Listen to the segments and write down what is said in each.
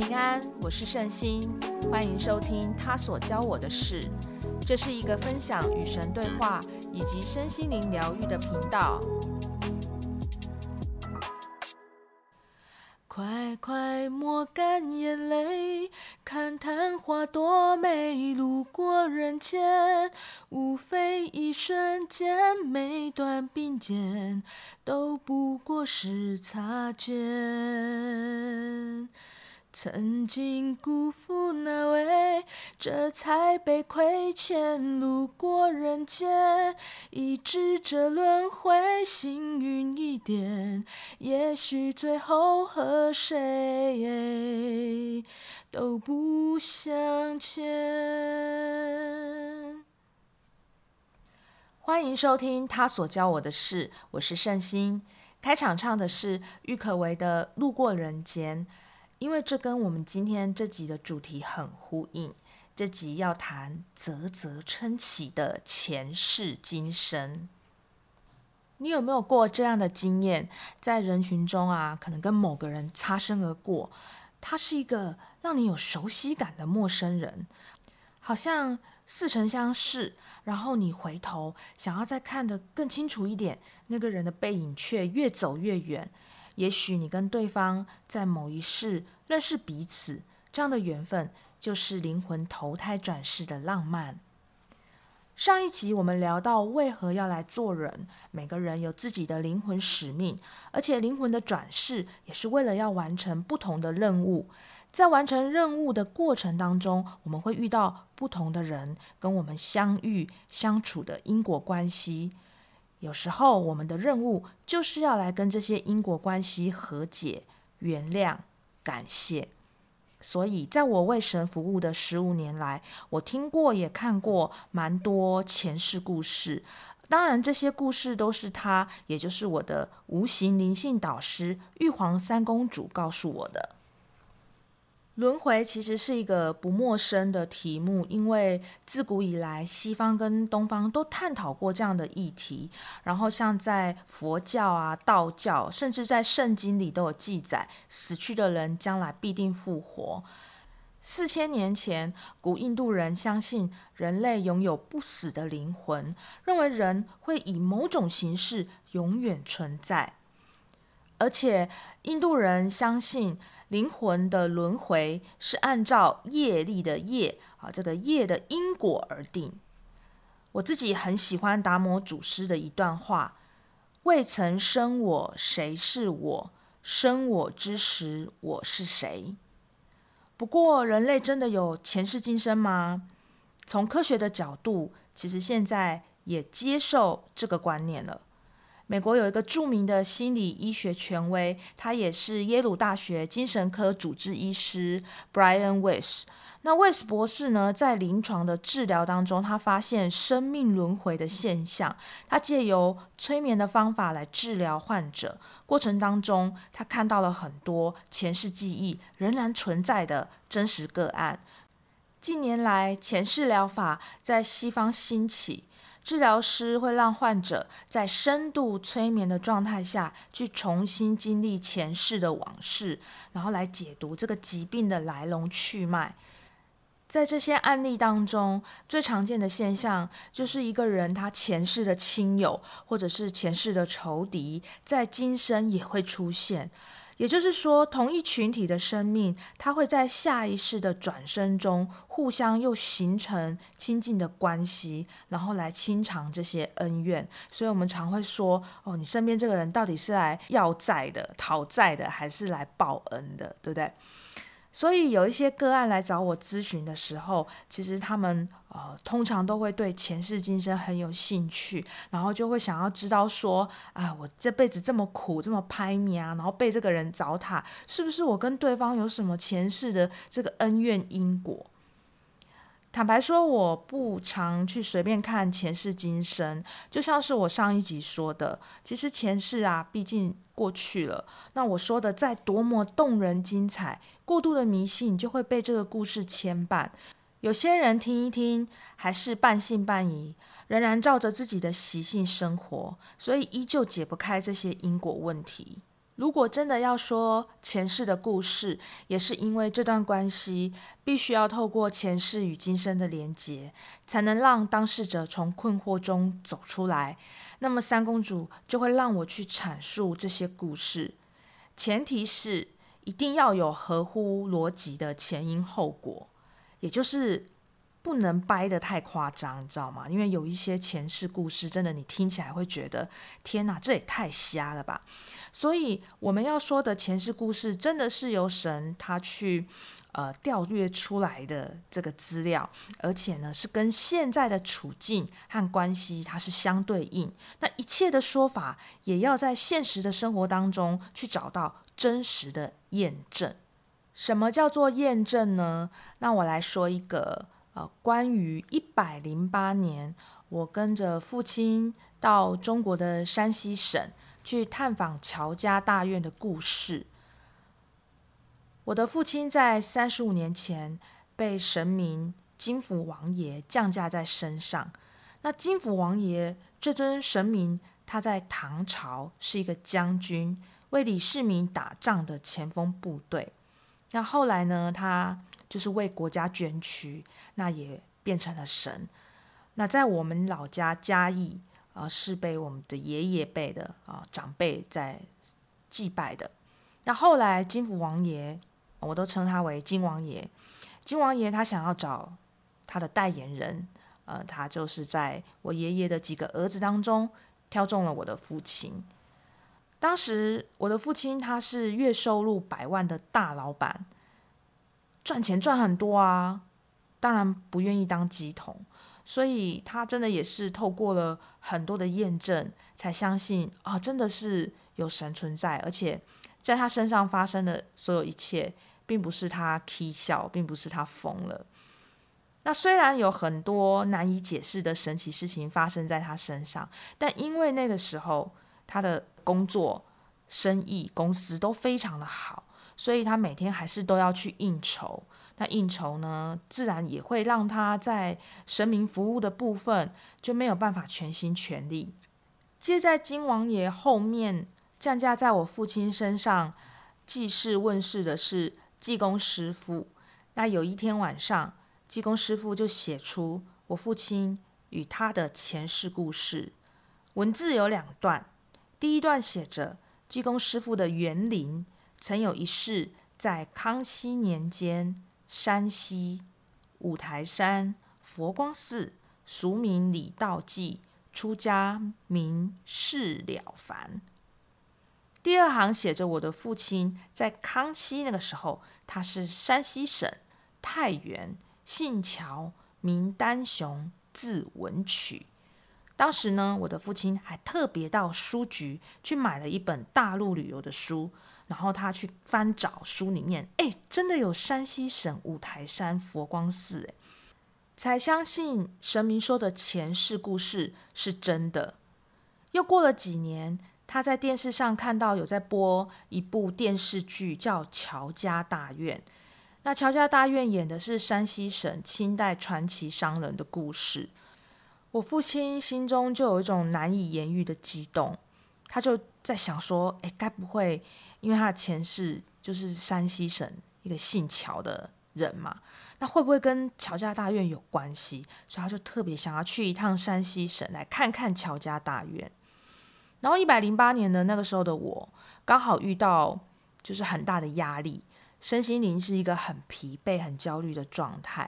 平安，我是聖心，歡迎收聽他所教我的事。這是一個分享與神對話以及身心靈療癒的頻道。快快抹乾眼淚，看曇花多美。路過人間，無非一瞬間。每段並肩都不過是擦肩。曾經辜負哪位，這才被虧欠？路過人間，一直這輪迴，幸運一點，也許最後和誰都不相欠。歡迎收聽《他所教我的事》，我是聖心。開場唱的是郁可唯的《路過人間》。因為這跟我們今天這集的主題很呼應。這集要談嘖嘖稱奇的前世今生。你有沒有過這樣的經驗？在人群中啊，可能跟某個人擦身而過，他是一個讓你有熟悉感的陌生人，好像似曾相識。然後你回頭想要再看得更清楚一點，那個人的背影卻越走越遠。也許你跟對方在某一世認識彼此，這樣的緣分就是靈魂投胎轉世的浪漫。上一集我們聊到為何要來做人，每個人有自己的靈魂使命，而且靈魂的轉世也是為了要完成不同的任務。在完成任務的過程當中，我們會遇到不同的人，跟我們相遇相處的因果關係。有時候，我們的任務就是要來跟這些因果關係和解、原諒、感謝。所以，在我為神服務的十五年來，我聽過也看過蠻多前世故事。當然，這些故事都是他，也就是我的無形靈性導師玉皇三公主告訴我的。輪迴其實是一個不陌生的題目，因為自古以來，西方跟東方都探討過這樣的議題。然後，像在佛教啊、道教，甚至在聖經裡都有記載，死去的人將來必定復活。四千年前，古印度人相信人類擁有不死的靈魂，認為人會以某種形式永遠存在。而且，印度人相信，靈魂的輪迴是按照業力的業啊，這個業的因果而定。我自己很喜歡達摩祖師的一段話：“未曾生我，誰是我？生我之時，我是誰？”不過，人類真的有前世今生嗎？從科學的角度，其實現在也接受這個觀念了。美國有一個著名的心理醫學權威，他也是耶魯大學精神科主治醫師 Brian Weiss。那 Weiss 博士呢，在臨床的治療當中，他發現生命輪迴的現象。他藉由催眠的方法來治療患者，過程當中，他看到了很多前世記憶仍然存在的真實個案。近年來，前世療法在西方興起。治療師會讓患者在深度催眠的狀態下去重新經歷前世的往事，然後來解讀這個疾病的來龍去脈。在這些案例當中，最常見的現象就是一個人他前世的親友或者是前世的仇敵，在今生也會出現。也就是說，同一群體的生命，它會在下一世的轉生中，互相又形成親近的關係，然後來清償這些恩怨。所以我們常會說，哦，你身邊這個人到底是來要債的、討債的，還是來報恩的，對不對？所以有一些個案來找我諮詢的時候，其實他們呃通常都會對前世今生很有興趣，然後就會想要知道說，啊，我這輩子這麼苦這麼歹命啊，然後被這個人糟蹋，是不是我跟對方有什麼前世的這個恩怨因果？坦白說，我不常去隨便看前世今生，就像是我上一集說的，其實前世啊，畢竟過去了。那我說的再多麼動人精彩，過度的迷信就會被這個故事牽絆。有些人聽一聽，還是半信半疑，仍然照着自己的習性生活，所以依舊解不開這些因果問題。如果真的要說前世的故事，也是因為這段關係必須要透過前世與今生的連結，才能讓當事者從困惑中走出來。那麼三公主就會讓我去闡述這些故事，前提是一定要有合乎邏輯的前因後果，也就是。不能掰得太誇張，你知道嗎？因為有一些前世故事，真的你聽起來會覺得天哪，這也太瞎了吧！所以我們要說的前世故事，真的是由神他去呃調閱出來的這個資料，而且呢是跟現在的處境和關係它是相對應。那一切的說法也要在現實的生活當中去找到真實的驗證。什麼叫做驗證呢？那我來說一個。呃，關於一百零八年，我跟着父親到中國的山西省去探訪喬家大院的故事。我的父親在三十五年前被神明金府王爺降駕在身上。那金府王爺這尊神明，他在唐朝是一個將軍，為李世民打仗的前鋒部隊。那後來呢，他。就是為國家捐軀，那也變成了神。那在我們老家嘉義，啊、呃，是被我們的爺爺輩的啊、呃、長輩在祭拜的。那後來金府王爺，我都稱他為金王爺。金王爺他想要找他的代言人，呃，他就是在我爺爺的幾個兒子當中挑中了我的父親。當時我的父親他是月收入百萬的大老闆。賺錢賺很多啊，當然不願意當乩童，所以他真的也是透過了很多的驗證，才相信啊，真的是有神存在，而且在他身上發生的所有一切，並不是他起肖，並不是他瘋了。那雖然有很多難以解釋的神奇事情發生在他身上，但因為那個時候他的工作、生意、公司都非常的好。所以他每天還是都要去應酬，那應酬呢，自然也會讓他在神明服務的部分就沒有辦法全心全力。接在金王爺後面，降駕在我父親身上濟世問世的是濟公師傅。那有一天晚上，濟公師傅就寫出我父親與他的前世故事，文字有兩段，第一段寫着濟公師傅的園林。曾有一世，在康熙年間，山西五台山佛光寺，俗名李道濟，出家名釋了凡。第二行寫着我的父親在康熙那個時候，他是山西省太原，姓喬，名丹雄，字文曲。當時呢，我的父親還特別到書局去買了一本大陸旅遊的書。然後他去翻找書裡面，哎，真的有山西省五台山佛光寺，哎，才相信神明說的前世故事是真的。又過了幾年，他在電視上看到有在播一部電視劇，叫《喬家大院》。那《喬家大院》演的是山西省清代傳奇商人的故事。我父親心中就有一種難以言喻的激動，他就。在想說，哎，該不會因為他的前世就是山西省一個姓喬的人嘛？那會不會跟喬家大院有關係？所以他就特別想要去一趟山西省來看看喬家大院。然後一百零八年呢，那個時候的我剛好遇到就是很大的壓力，身心靈是一個很疲憊、很焦慮的狀態。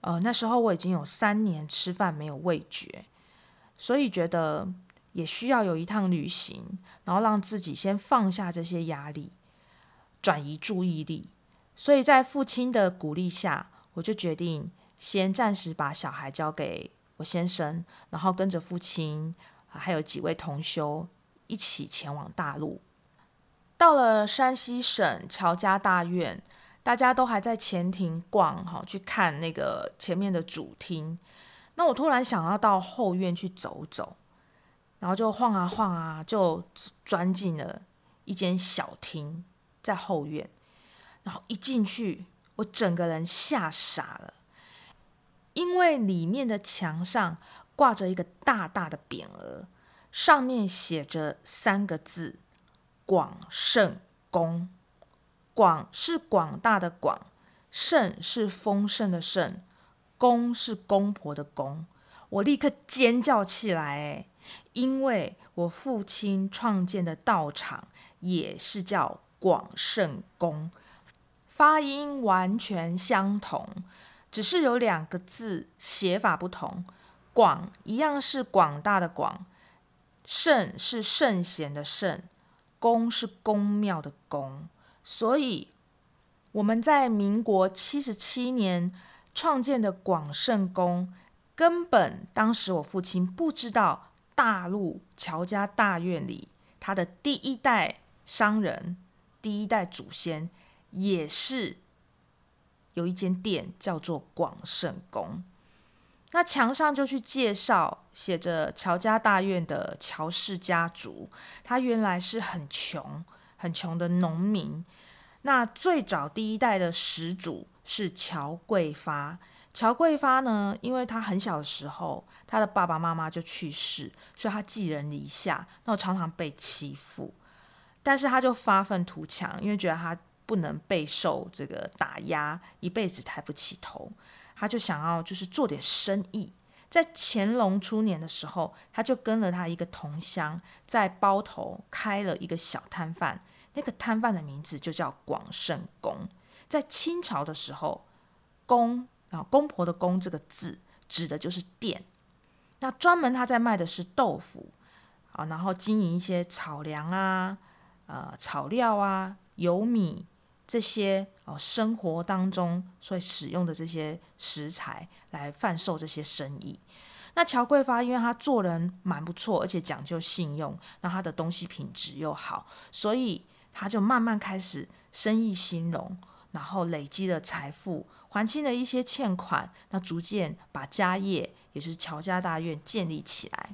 呃，那時候我已經有三年吃飯沒有味覺，所以覺得。也需要有一趟旅行，然後讓自己先放下這些壓力，轉移注意力。所以在父親的鼓勵下，我就決定先暫時把小孩交給我先生，然後跟着父親還有幾位同修一起前往大陸。到了山西省喬家大院，大家都還在前庭逛，去看那個前面的主廳。那我突然想要到後院去走走。然後就晃啊晃啊，就鑽進了一間小廳，在後院。然後一進去，我整個人嚇傻了，因為裡面的牆上掛着一個大大的匾額，上面寫着三個字：“廣盛公”。廣是廣大的廣，盛是豐盛的盛，公是公婆的公。我立刻尖叫起來，哎！因為我父親創建的道場也是叫廣聖宮，發音完全相同，只是有兩個字寫法不同。廣一樣是廣大的廣，聖是聖賢的聖，宮是宮廟的宮。所以我們在民國七十七年創建的廣聖宮，根本當時我父親不知道。.大陸喬家大院裡，他的第一代商人，第一代祖先，也是有一間店，叫做廣聖宮。那牆上就去介紹，寫着喬家大院的喬氏家族，他原來是很窮、很窮的農民。那最早第一代的始祖是喬貴發。喬貴發呢？因為他很小的時候，他的爸爸媽媽就去世，所以他寄人籬下，那我常常被欺負。但是他就發憤圖強，因為覺得他不能備受這個打壓，一輩子抬不起頭，他就想要就是做點生意。在乾隆初年的時候，他就跟了他一個同鄉，在包頭開了一個小攤販，那個攤販的名字就叫廣盛公。在清朝的時候，公。啊，公婆的“公”這個字指的就是店。那專門他在賣的是豆腐啊，然後經營一些草糧啊、呃草料啊、油米這些哦、啊，生活當中所使用的這些食材來販售這些生意。那喬貴發，因為他做人蠻不錯，而且講究信用，那他的東西品質又好，所以他就慢慢開始生意興隆，然後累積了財富。還清了一些欠款，那逐漸把家業，也是喬家大院建立起來。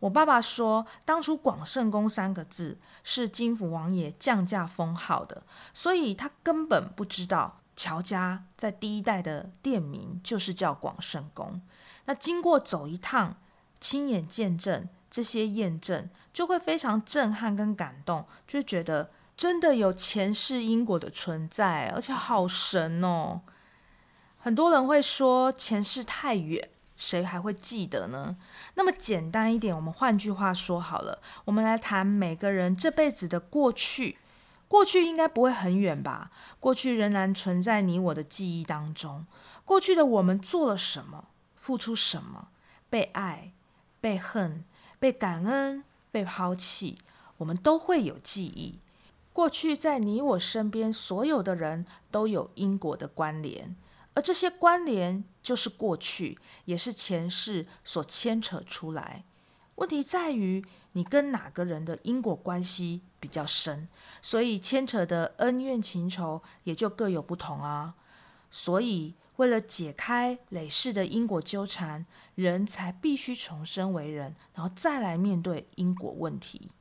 我爸爸說，當初“廣聖宮”三個字是金府王爺降價封號的，所以他根本不知道喬家在第一代的店名就是叫廣聖宮。那經過走一趟，親眼見證這些驗證，就會非常震撼跟感動，就會覺得真的有前世因果的存在，而且好神哦！很多人會說前世太遠，誰還會記得呢？那麼簡單一點，我們換句話說好了，我們來談每個人這輩子的過去。過去應該不會很遠吧？過去仍然存在你我的記憶當中。過去的我們做了什麼，付出什麼，被愛、被恨、被感恩、被拋棄，我們都會有記憶。過去在你我身邊所有的人都有因果的關聯。而這些關聯就是過去，也是前世所牽扯出來。問題在於你跟哪個人的因果關係比較深，所以牽扯的恩怨情仇也就各有不同啊。所以為了解開累世的因果糾纏，人才必須重生為人，然後再來面對因果問題。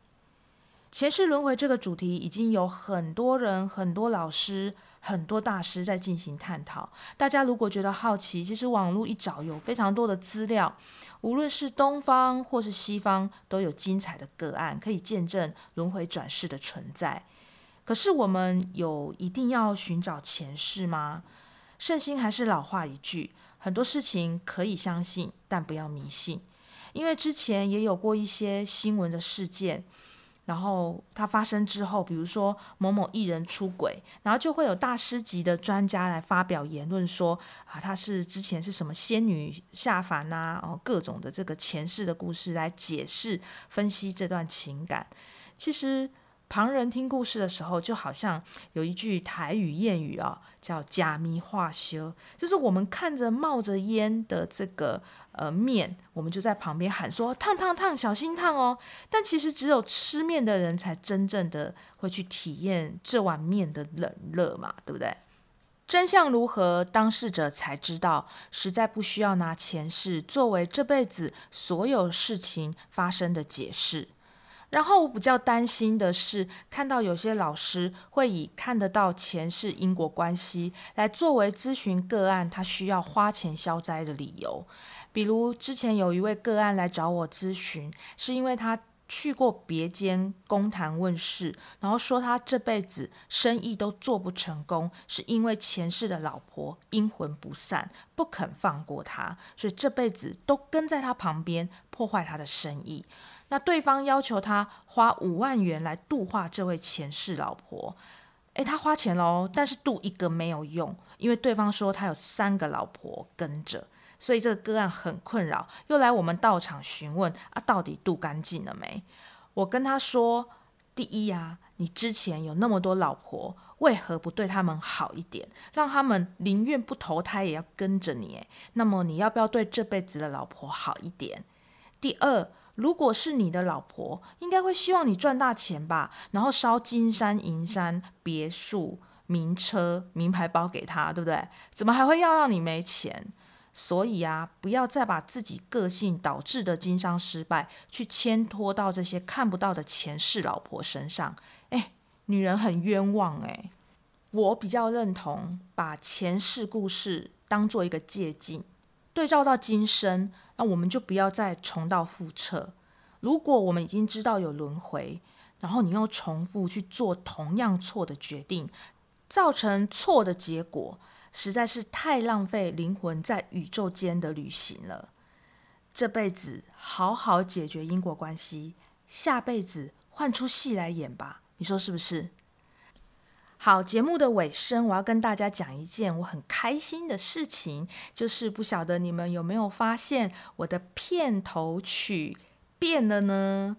前世輪迴這個主題已經有很多人、很多老師，很多大師在進行探討。大家如果覺得好奇，其實網絡一找有非常多的資料，無論是東方或是西方，都有精彩的個案可以見證輪迴轉世的存在。可是我們有一定要尋找前世嗎？聖心還是老話一句：很多事情可以相信，但不要迷信，因為之前也有過一些新聞的事件。然後它發生之後，比如說某某藝人出軌，然後就會有大師級的專家來發表言論說，說啊，他是之前是什麼仙女下凡吶、啊，哦，各種的這個前世的故事來解釋分析這段情感，其實。旁人聽故事的時候，就好像有一句台語諺語啊、哦，叫“假咪化修”，就是我們看着冒着煙的這個呃麵，我們就在旁邊喊說“燙燙燙，小心燙哦”。但其實只有吃麵的人才真正的會去體驗這碗麵的冷熱嘛，對不對？真相如何，當事者才知道。實在不需要拿前世作為這輩子所有事情發生的解釋。然後我比較擔心的是，看到有些老師會以看得到前世因果關係來作為諮詢個案他需要花錢消災的理由。比如之前有一位個案來找我諮詢，是因為他去過別間宮壇問事，然後說他這輩子生意都做不成功，是因為前世的老婆陰魂不散，不肯放過他，所以這輩子都跟在他旁邊破壞他的生意。那對方要求他花五萬元來度化這位前世老婆，誒，他花錢嘍，但是度一個沒有用，因為對方說他有三個老婆跟着，所以這個個案很困擾，又來我們道場詢問啊，到底度乾淨了沒？我跟他說，第一啊，你之前有那麼多老婆，為何不對他們好一點，讓他們寧願不投胎也要跟着你？誒，那麼你要不要對這輩子的老婆好一點？第二。如果是你的老婆，應該會希望你賺大錢吧，然後燒金山銀山、別墅、名車、名牌包給她，對不對？怎麼還會要讓你沒錢？所以啊，不要再把自己個性導致的經商失敗去牽拖到這些看不到的前世老婆身上。哎，女人很冤枉誒。我比較認同把前世故事當做一個借鏡。對照到今生，那我們就不要再重蹈覆轍。如果我們已經知道有輪迴，然後你又重複去做同樣錯的決定，造成錯的結果，實在是太浪費靈魂在宇宙間的旅行了。這輩子好好解決因果關係，下輩子換出戲來演吧。你說是不是？好，節目的尾聲，我要跟大家講一件我很開心的事情，就是不曉得你們有沒有發現我的片頭曲變了呢？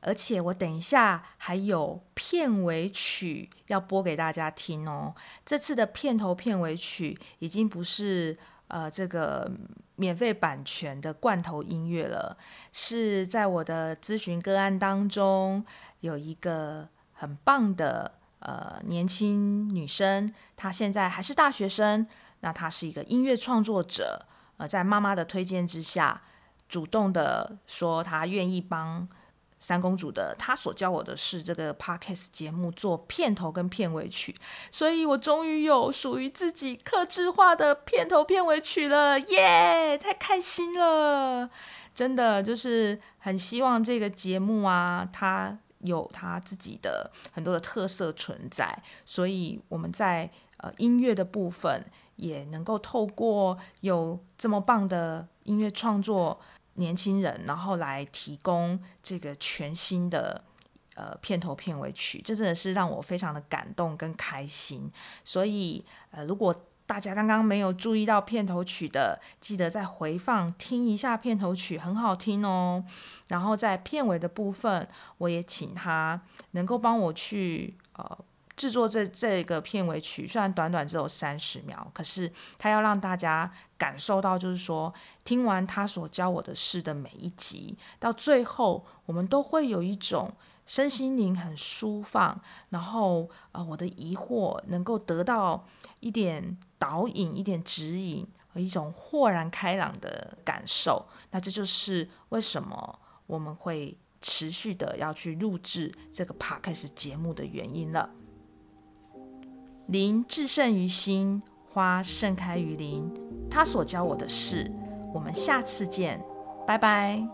而且我等一下還有片尾曲要播給大家聽哦。這次的片頭片尾曲已經不是呃這個免費版權的罐頭音樂了，是在我的諮詢個案當中有一個很棒的。呃，年輕女生，她現在還是大學生，那她是一個音樂創作者。呃，在媽媽的推薦之下，主動地說她願意幫三公主的，她所教我的是這個 podcast 節目做片頭跟片尾曲，所以我終於有屬於自己客制化的片頭片尾曲了，耶、yeah!！太開心了，真的就是很希望這個節目啊，它。有他自己的很多的特色存在，所以我們在呃音樂的部分也能夠透過有這麼棒的音樂創作年輕人，然後來提供這個全新的呃片頭片尾曲，這真的是讓我非常的感動跟開心。所以呃如果大家剛剛沒有注意到片頭曲的，記得再回放聽一下片頭曲，很好聽哦。然後在片尾的部分，我也請他能夠幫我去呃製作這這個片尾曲，雖然短短只有三十秒，可是他要讓大家感受到，就是說，聽完他所教我的事的每一集，到最後我們都會有一種。身心靈很舒放，然後呃，我的疑惑能夠得到一點導引、一點指引，和一種豁然開朗的感受。那這就是為什麼我們會持續地要去錄製這個 Podcast 節目的原因了。林至勝於心，花盛開於林。他所教我的事，我們下次見，拜拜。